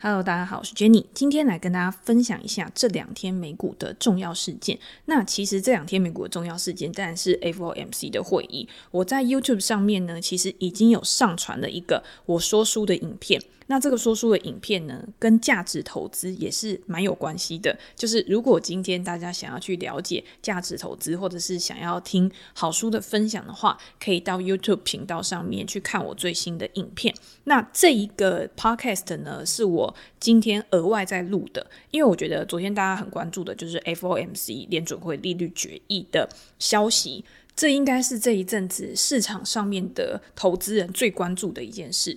Hello，大家好，我是 Jenny，今天來跟大家分享一下這兩天美股的重要事件。那其實這兩天美股的重要事件，當然是 FOMC 的會議。我在 YouTube 上面呢，其實已經有上傳了一個我說書的影片。那這個說書的影片呢，跟價值投資也是蠻有關係的。就是如果今天大家想要去了解價值投資，或者是想要聽好書的分享的話，可以到 YouTube 頻道上面去看我最新的影片。那這一個 Podcast 呢，是我今天額外在錄的，因為我覺得昨天大家很關注的就是 FOMC 聯準會利率決議的消息，這應該是這一陣子市場上面的投資人最關注的一件事。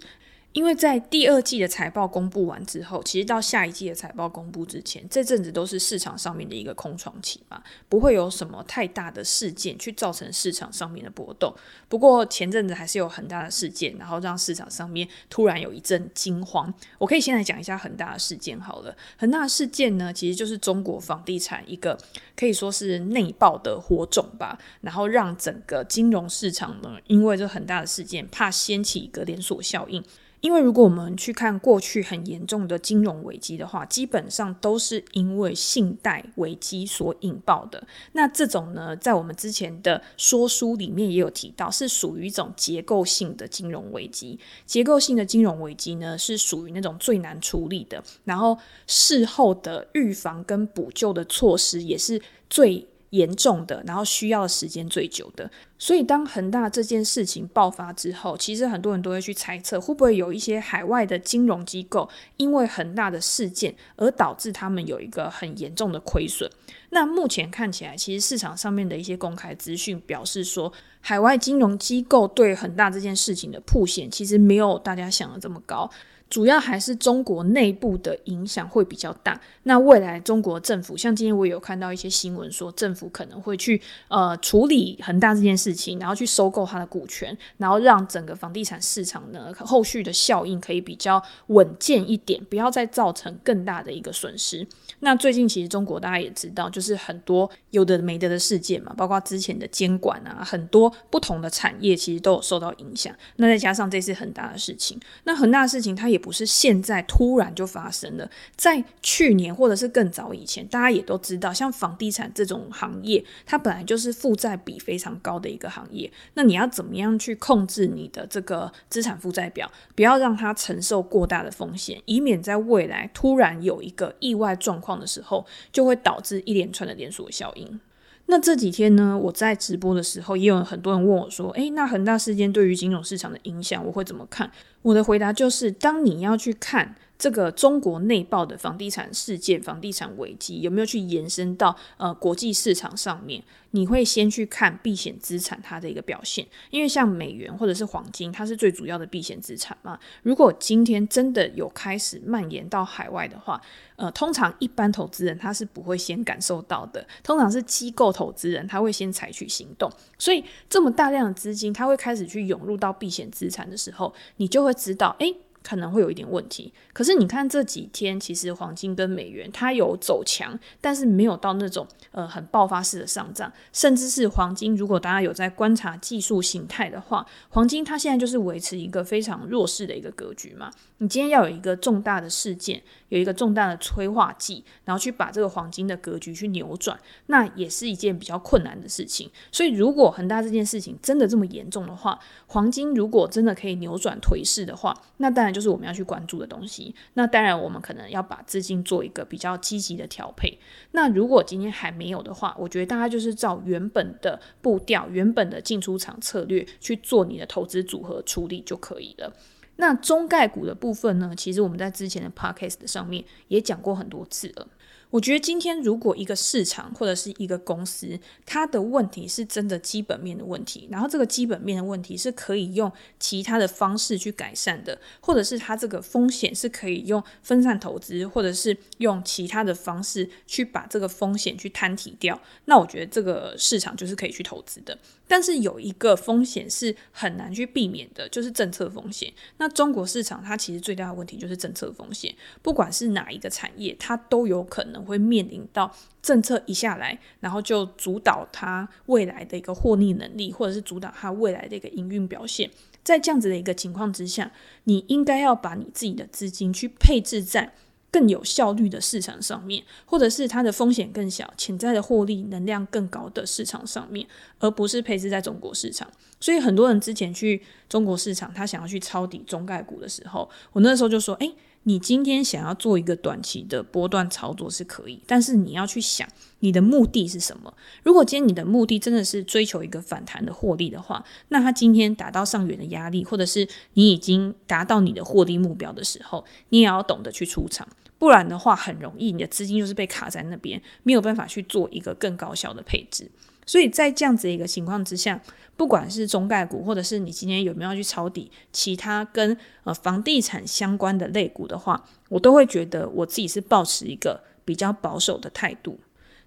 因為在第二季的財報公布完之後，其實到下一季的財報公布之前，這陣子都是市場上面的一個空窗期嘛，不會有什麼太大的事件去造成市場上面的波動。不過前陣子還是有恆大的事件，然後讓市場上面突然有一陣驚慌。我可以先來講一下恆大的事件好了。恆大的事件呢，其實就是中國房地產一個可以說是內爆的火種吧，然後讓整個金融市場呢，因為這恆大的事件，怕掀起一個連鎖效應。因為如果我們去看過去很嚴重的金融危機的話，基本上都是因為信貸危機所引爆的。那這種呢，在我們之前的說書裡面也有提到，是屬於一種結構性的金融危機。結構性的金融危機呢，是屬於那種最難處理的，然後事後的預防跟補救的措施也是最嚴重的，然後需要的時間最久的，所以當恆大這件事情爆發之後，其實很多人都會去猜測，會不會有一些海外的金融機構因為恆大的事件而導致他們有一個很嚴重的虧損。那目前看起來，其實市場上面的一些公開資訊表示說，海外金融機構對恆大這件事情的曝險，其實沒有大家想的這麼高。主要還是中國內部的影響會比較大。那未來中國政府，像今天我有看到一些新聞說，政府可能會去呃處理恆大這件事情，然後去收購它的股權，然後讓整個房地產市場呢後續的效應可以比較穩健一點，不要再造成更大的一個損失。那最近其實中國大家也知道，就是很多有的沒的的事件嘛，包括之前的監管啊，很多不同的產業其實都有受到影響。那再加上這次恆大的事情，那恆大的事情它也不是現在突然就發生的，在去年或者是更早以前，大家也都知道，像房地產這種行業，它本來就是負債比非常高的一個行業。那你要怎麼樣去控制你的這個資產負債表，不要讓它承受過大的風險，以免在未來突然有一個意外狀況的時候，就會導致一連串的連鎖效應。那這幾天呢，我在直播的時候，也有很多人問我說：“哎、欸，那恆大事件對於金融市場的影響，我會怎麼看？”我的回答就是，當你要去看。這個中國內爆的房地產事件，房地產危機有沒有去延伸到呃國際市場上面？你會先去看避險資產它的一個表現，因為像美元或者是黃金，它是最主要的避險資產嘛。如果今天真的有開始蔓延到海外的話，呃，通常一般投資人他是不會先感受到的，通常是機構投資人他會先採取行動。所以這麼大量的資金，他會開始去湧入到避險資產的時候，你就會知道，誒。可能會有一點問題，可是你看這幾天，其實黃金跟美元它有走強，但是沒有到那種呃很爆發式的上漲，甚至是黃金。如果大家有在觀察技術形態的話，黃金它現在就是維持一個非常弱勢的一個格局嘛。你今天要有一個重大的事件，有一個重大的催化劑，然後去把這個黃金的格局去扭轉，那也是一件比較困難的事情。所以，如果恆大這件事情真的這麼嚴重的話，黃金如果真的可以扭轉頹勢的話，那當然。就是我們要去關注的東西，那當然我們可能要把資金做一個比較積極的調配。那如果今天還沒有的話，我覺得大家就是照原本的步調，原本的進出場策略去做你的投資組合處理就可以了。那中概股的部分呢，其實我們在之前的 podcast 上面也講過很多次了。我覺得今天如果一個市場或者是一個公司，它的問題是真的基本面的問題，然後這個基本面的問題是可以用其他的方式去改善的，或者是它這個風險是可以用分散投資或者是用其他的方式去把這個風險去攤提掉，那我覺得這個市場就是可以去投資的。但是有一個風險是很難去避免的，就是政策風險。那中國市場它其實最大的問題就是政策風險，不管是哪一個產業，它都有可能。會面臨到政策一下來，然後就阻擋它未來的一個獲利能力，或者是阻擋它未來的一個營運表現。在這樣子的一個情況之下，你應該要把你自己的資金去配置在更有效率的市場上面，或者是它的風險更小，潛在的獲利能量更高的市場上面，而不是配置在中國市場。所以很多人之前去中國市場，他想要去抄底中概股的時候，我那時候就說：“誒。你今天想要做一個短期的波段操作是可以，但是你要去想你的目的是什麼。如果今天你的目的真的是追求一個反彈的獲利的話，那它今天達到上緣的壓力，或者是你已經達到你的獲利目標的時候，你也要懂得去出場，不然的話很容易你的資金就是被卡在那邊，沒有辦法去做一個更高效的配置。所以在這樣子的一個情況之下，不管是中概股，或者是你今天有沒有去抄底其他跟呃房地產相關的類股的話，我都會覺得我自己是抱持一個比較保守的態度。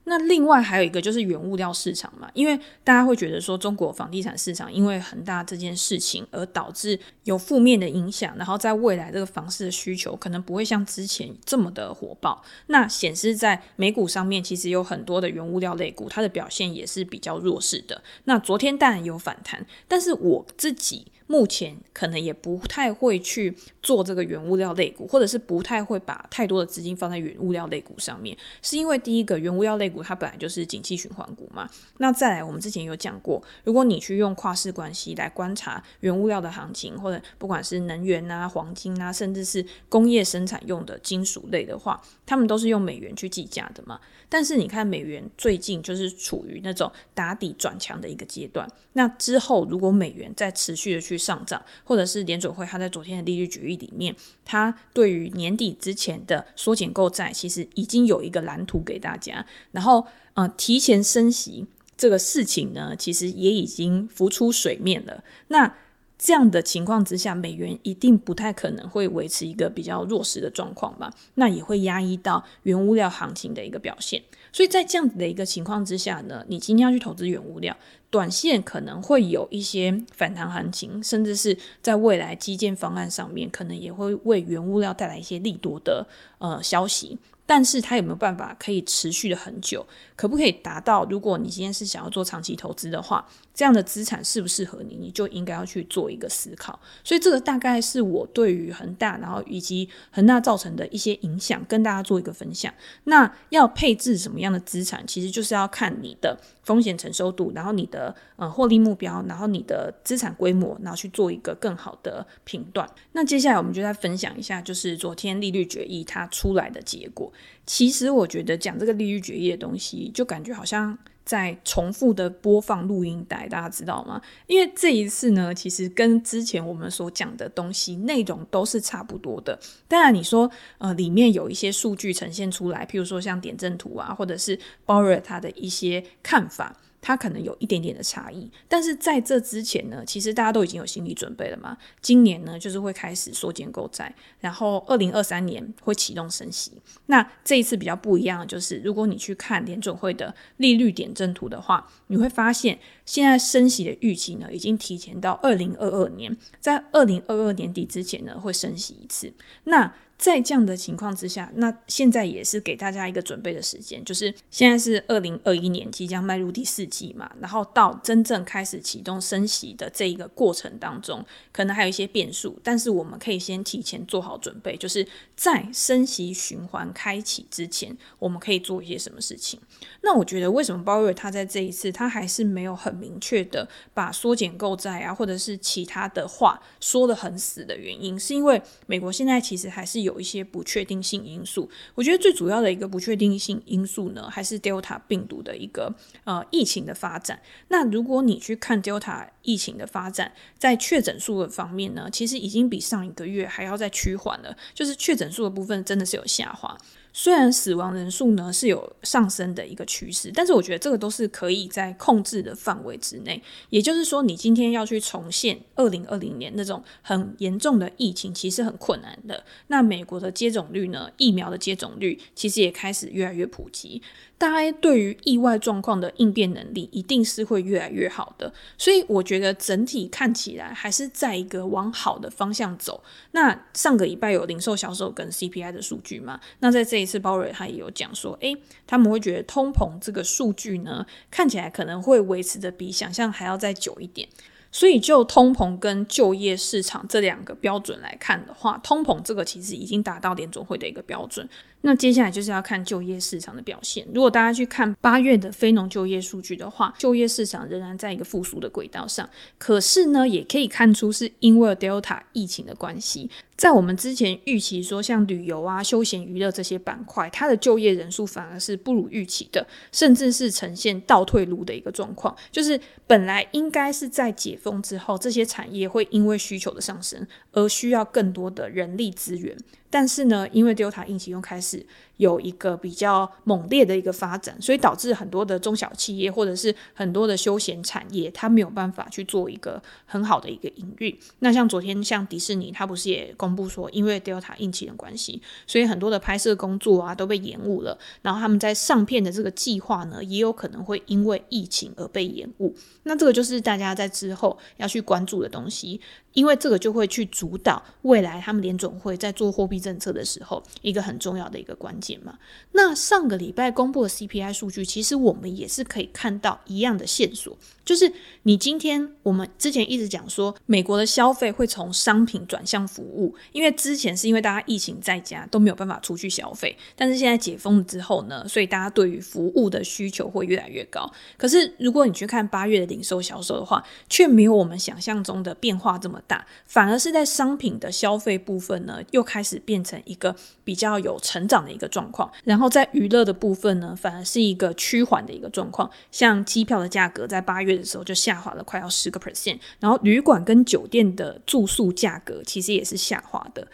那另外還有一個就是原物料市場嘛，因為大家會覺得說中國房地產市場因為恆大這件事情而導致有負面的影響，然後在未來這個房市的需求可能不會像之前這麼的火爆。那顯示在美股上面，其實有很多的原物料類股，它的表現也是比較弱勢的。那昨天當然有反彈，但是我自己。目前可能也不太會去做這個原物料類股，或者是不太會把太多的資金放在原物料類股上面，是因為第一個原物料類股它本來就是景氣循環股嘛。那再來，我們之前有講過，如果你去用跨市關係來觀察原物料的行情，或者不管是能源啊、黃金啊，甚至是工業生產用的金屬類的話，他們都是用美元去計價的嘛。但是你看美元最近就是處於那種打底轉強的一個階段，那之後如果美元再持續的去去上漲，或者是聯準會，他在昨天的利率決議裡面，他對於年底之前的縮減購債，其實已經有一個藍圖給大家。然後，嗯、呃，提前升息這個事情呢，其實也已經浮出水面了。那這樣的情況之下，美元一定不太可能會維持一個比較弱勢的狀況吧？那也會壓抑到原物料行情的一個表現。所以在這樣子的一個情況之下呢，你今天要去投資原物料，短線可能會有一些反彈行情，甚至是在未來基建方案上面，可能也會為原物料帶來一些利多的呃消息。但是它有沒有辦法可以持續的很久？可不可以達到？如果你今天是想要做長期投資的話，這樣的資產適不適合你，你就應該要去做一個思考。所以這個大概是我對於恆大，然後以及恆大造成的一些影響，跟大家做一個分享。那要配置什麼樣的資產，其實就是要看你的風險承受度，然後你的呃、嗯、獲利目標，然後你的資產規模，然後去做一個更好的評斷。那接下來我們就再分享一下，就是昨天利率決議它出來的結果。其實我覺得講這個利率決議的東西，就感覺好像在重複的播放錄音帶，大家知道嗎？因為這一次呢，其實跟之前我們所講的東西內容都是差不多的。當然，你說呃，裡面有一些數據呈現出來，譬如說像點陣圖啊，或者是 Powell 他的一些看法。它可能有一點點的差異，但是在這之前呢，其實大家都已經有心理準備了嘛。今年呢，就是會開始縮減購債，然後二零二三年會啟動升息。那這一次比較不一樣的就是，如果你去看聯準會的利率點陣圖的話，你會發現現在升息的預期呢，已經提前到二零二二年，在二零二二年底之前呢，會升息一次。那在這樣的情況之下，那現在也是給大家一個準備的時間，就是現在是二零二一年即將邁入第四季嘛，然後到真正開始啟動升息的這一個過程當中，可能還有一些變數，但是我們可以先提前做好準備，就是在升息循環開啟之前，我們可以做一些什麼事情。那我覺得為什麼鮑爾他在這一次他還是沒有很明確的把縮減購債啊，或者是其他的話說得很死的原因，是因為美國現在其實還是有。有一些不確定性因素，我覺得最主要的一個不確定性因素呢，還是 Delta 病毒的一個呃疫情的發展。那如果你去看 Delta 疫情的發展，在確診數的方面呢，其實已經比上一個月還要再趨緩了，就是確診數的部分真的是有下滑。雖然死亡人數呢是有上升的一個趨勢，但是我覺得這個都是可以在控制的範圍之內。也就是說，你今天要去重現二零二零年那種很嚴重的疫情，其實很困難的。那美國的接種率呢，疫苗的接種率其實也開始越來越普及。大家對於意外狀況的應變能力一定是會越來越好的，所以我覺得整體看起來還是在一個往好的方向走。那上個禮拜有零售銷售跟 CPI 的數據嘛，那在這一次鮑瑞他也有講說，誒、欸、他們會覺得通膨這個數據呢，看起來可能會維持得比想象還要再久一點。所以，就通膨跟就業市場這兩個標準來看的話，通膨這個其實已經達到聯準會的一個標準。那接下來就是要看就業市場的表現。如果大家去看八月的非農就業數據的話，就業市場仍然在一個復甦的軌道上。可是呢，也可以看出是因為 Delta 疫情的關係。在我們之前預期說，像旅遊啊、休閒娛樂這些板塊，它的就業人數反而是不如預期的，甚至是呈現倒退嚕的一個狀況。就是本來應該是在解封之後，這些產業會因為需求的上升。而需要更多的人力資源，但是呢，因為 Delta 疫情又開始有一個比較猛烈的一個發展，所以導致很多的中小企業或者是很多的休閒產業，它沒有辦法去做一個很好的一個營運。那像昨天，像迪士尼，它不是也公布說，因為 Delta 疫情的關係，所以很多的拍攝工作啊都被延誤了，然後他們在上片的這個計劃呢，也有可能會因為疫情而被延誤。那這個就是大家在之後要去關注的東西。因為這個就會去主導未來他們聯準會在做貨幣政策的時候，一個很重要的一個關鍵嘛。那上個禮拜公布的 CPI 數據，其實我們也是可以看到一樣的線索。就是你今天我們之前一直講說，美國的消費會從商品轉向服務，因為之前是因為大家疫情在家都沒有辦法出去消費，但是現在解封了之後呢，所以大家對於服務的需求會越來越高。可是如果你去看八月的零售銷售的話，卻沒有我們想象中的變化這麼大，反而是在商品的消費部分呢，又開始變成一個比較有成長的一個狀況。然後在娛樂的部分呢，反而是一個趨緩的一個狀況，像機票的價格在八月的時候就下滑了，快要十個 percent。然後旅館跟酒店的住宿價格其實也是下滑的。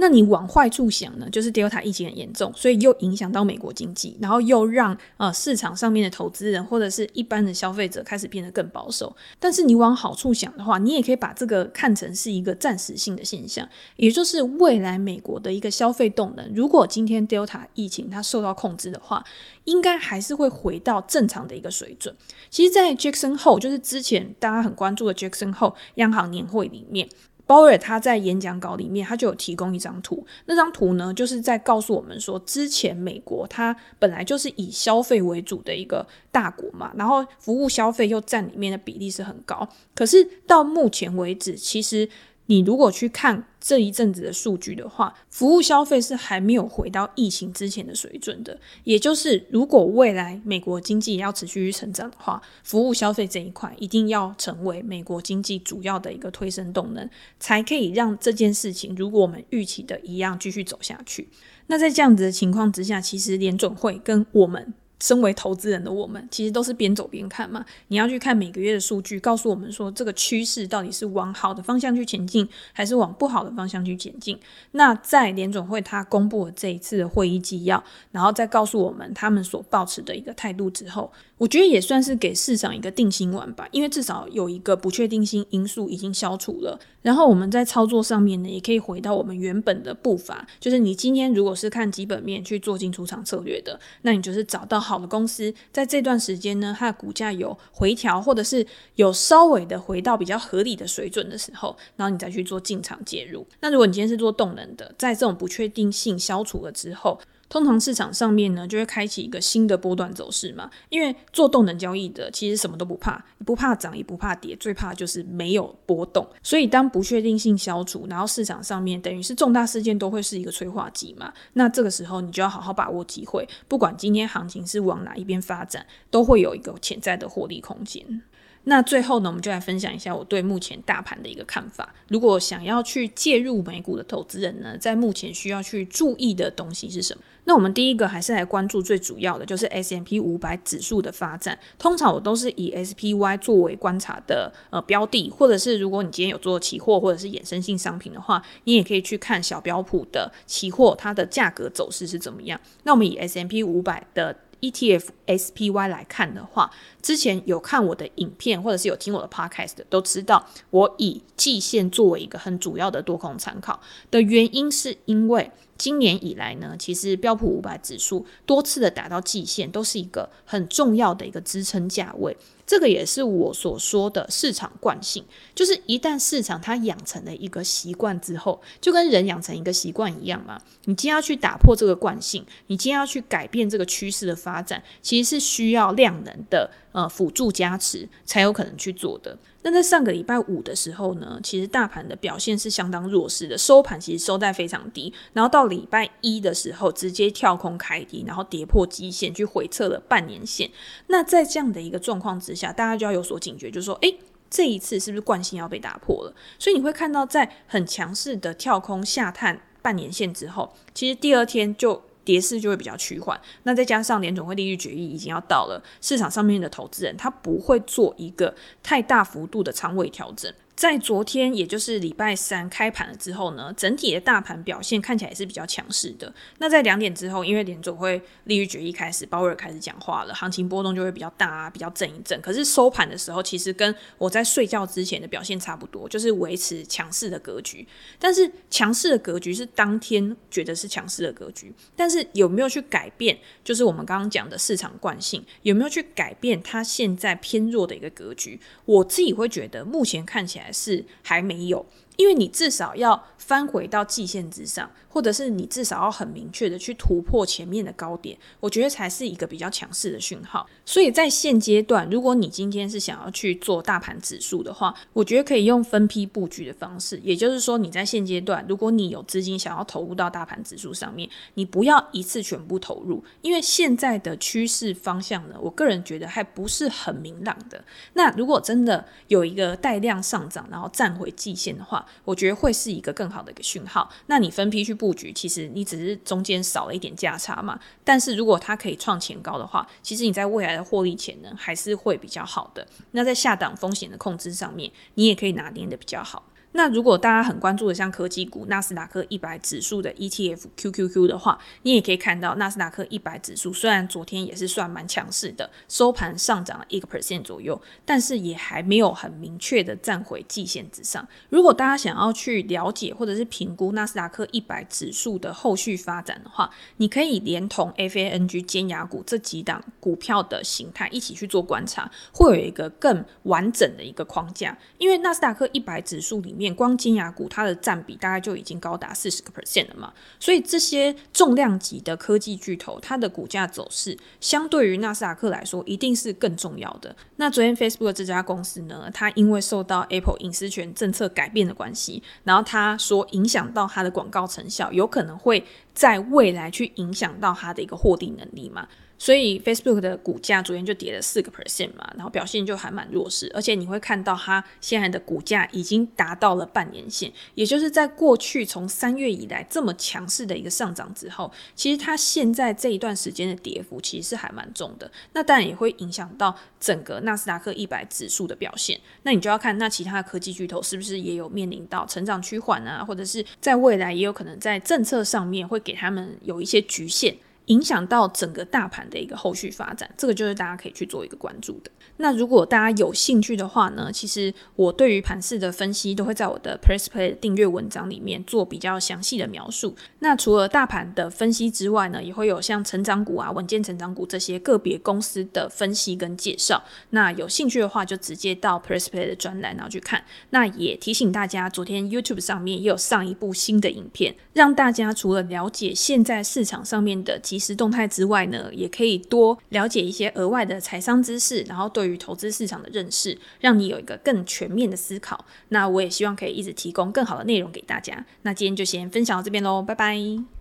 那你往壞處想呢，就是 Delta 疫情很嚴重，所以又影響到美國經濟，然後又讓呃市場上面的投資人或者是一般的消費者開始變得更保守。但是你往好處想的話，你也可以把這個看成是一個暫時性的現象，也就是未來美國的一個消費動能，如果今天 Delta 疫情它受到控制的話，應該還是會回到正常的一個水準。其實，在 Jackson Hole，就是之前大家很關注的 Jackson Hole 央行年會裡面。鮑爾他在演講稿裡面，他就有提供一張圖，那張圖呢，就是在告訴我們說，之前美國它本來就是以消費為主的一個大國嘛，然後服務消費又佔裡面的比例是很高，可是到目前為止，其實。你如果去看這一陣子的數據的話，服務消費是還沒有回到疫情之前的水準的。也就是，如果未來美國經濟要持續成長的話，服務消費這一塊一定要成為美國經濟主要的一個推升動能，才可以讓這件事情如果我們預期的一樣繼續走下去。那在這樣子的情況之下，其實聯準會跟我們。身為投資人的我們，其實都是邊走邊看嘛。你要去看每個月的數據，告訴我們說這個趨勢到底是往好的方向去前進，還是往不好的方向去前進。那在聯準會他公布了這一次的會議紀要，然後再告訴我們他們所抱持的一個態度之後。我覺得也算是給市場一個定心丸吧，因為至少有一個不確定性因素已經消除了。然後我們在操作上面呢，也可以回到我們原本的步伐，就是你今天如果是看基本面去做進出場策略的，那你就是找到好的公司，在這段時間呢，它的股價有回調，或者是有稍微的回到比較合理的水準的時候，然後你再去做進場介入。那如果你今天是做動能的，在這種不確定性消除了之後。通常市場上面呢，就會開啟一個新的波段走勢嘛。因為做動能交易的，其實什麼都不怕，不怕漲也不怕跌，最怕就是沒有波動。所以當不確定性消除，然後市場上面等於是重大事件都會是一個催化劑嘛。那這個時候你就要好好把握機會，不管今天行情是往哪一邊發展，都會有一個潛在的獲利空間。那最後呢，我們就來分享一下我對目前大盤的一個看法。如果想要去介入美股的投資人呢，在目前需要去注意的東西是什麼？那我們第一個還是來關注最主要的，就是 S&P 500指數的發展。通常我都是以 SPY 作為觀察的呃標的，或者是如果你今天有做期貨或者是衍生性商品的話，你也可以去看小標普的期貨，它的價格走勢是怎麼樣。那我們以 S&P 500的。ETF SPY 來看的話，之前有看我的影片或者是有聽我的 Podcast 都知道，我以季線作為一個很主要的多空參考的原因，是因為今年以來呢，其實標普五百指數多次的達到季線，都是一個很重要的一個支撐價位。這個也是我所說的市場慣性，就是一旦市場它養成了一個習慣之後，就跟人養成一個習慣一樣嘛。你既要去打破這個慣性，你既要去改變這個趨勢的發展，其實是需要量能的呃輔助加持，才有可能去做的。那在上個禮拜五的時候呢，其實大盤的表現是相當弱勢的，收盤其實收在非常低，然後到禮拜一的時候直接跳空開低，然後跌破季線去回撤了半年線。那在這樣的一個狀況之下，大家就要有所警覺，就是說，誒，這一次是不是慣性要被打破了？所以你會看到，在很強勢的跳空下探半年線之後，其實第二天就跌勢就會比較趨緩。那再加上聯準會利率決議已經要到了，市場上面的投資人他不會做一個太大幅度的倉位調整。在昨天，也就是禮拜三開盤了之後呢，整體的大盤表現看起來也是比較強勢的。那在兩點之後，因為聯準會利率決議開始，鮑威爾開始講話了，行情波動就會比較大，啊，比較震一震。可是收盤的時候，其實跟我在睡覺之前的表現差不多，就是維持強勢的格局。但是強勢的格局是當天覺得是強勢的格局，但是有沒有去改變？就是我們剛剛講的市場慣性，有沒有去改變它現在偏弱的一個格局？我自己會覺得，目前看起來，是還沒有。因為你至少要翻回到季線之上，或者是你至少要很明確地去突破前面的高點，我覺得才是一個比較強勢的訊號。所以在現階段，如果你今天是想要去做大盤指數的話，我覺得可以用分批布局的方式，也就是說你在現階段，如果你有資金想要投入到大盤指數上面，你不要一次全部投入，因為現在的趨勢方向呢，我個人覺得還不是很明朗的。那如果真的有一個帶量上漲，然後站回季線的話，我覺得會是一個更好的一個訊號。那你分批去布局，其實你只是中間少了一點價差嘛。但是如果它可以創前高的話，其實你在未來的獲利潛能還是會比較好的。那在下檔風險的控制上面，你也可以拿捏的比較好。那如果大家很關注的像科技股納斯達克一百指數的 ETFQQQ 的話，你也可以看到納斯達克一百指數雖然昨天也是算蠻強勢的，收盤上漲了一個 percent 左右，但是也還沒有很明確的站回季線之上。如果大家想要去了解或者是評估納斯達克一百指數的後續發展的話，你可以連同 FANG 尖牙股這幾檔股票的形態一起去做觀察，會有一個更完整的一個框架，因為納斯達克一百指數裡面光尖牙股，它的佔比大概就已經高達四十個 percent 了嘛，所以這些重量級的科技巨頭，它的股價走勢相對於納斯達克來說，一定是更重要的。那昨天 Facebook 這家公司呢，它因為受到 Apple 隱私權政策改變的關係，然後它說影響到它的廣告成效，有可能會在未來去影響到它的一個獲利能力嘛。所以 Facebook 的股價昨天就跌了四個 percent 嘛，然後表現就還蠻弱勢。而且你會看到它現在的股價已經達到了半年線，也就是在過去從三月以來這麼強勢的一個上漲之後，其實它現在這一段時間的跌幅其實是還蠻重的。那當然也會影響到整個納斯達克一百指數的表現。那你就要看那其他的科技巨頭是不是也有面臨到成長趨緩啊，或者是在未來也有可能在政策上面會給他們有一些局限。影響到整個大盤的一個後續發展，這個就是大家可以去做一個關注的。那如果大家有興趣的話呢，其實我對於盤勢的分析都會在我的 Press Play 的訂閱文章裡面做比較詳細的描述。那除了大盤的分析之外呢，也會有像成長股啊、穩健成長股這些個別公司的分析跟介紹。那有興趣的話，就直接到 Press Play 的專欄然後去看。那也提醒大家，昨天 YouTube 上面也有上一部新的影片，讓大家除了了解現在市場上面的實時動態之外呢，也可以多了解一些額外的財商知識，然後對於投資市場的認識，讓你有一個更全面的思考。那我也希望可以一直提供更好的內容給大家。那今天就先分享到這邊嘍，拜拜。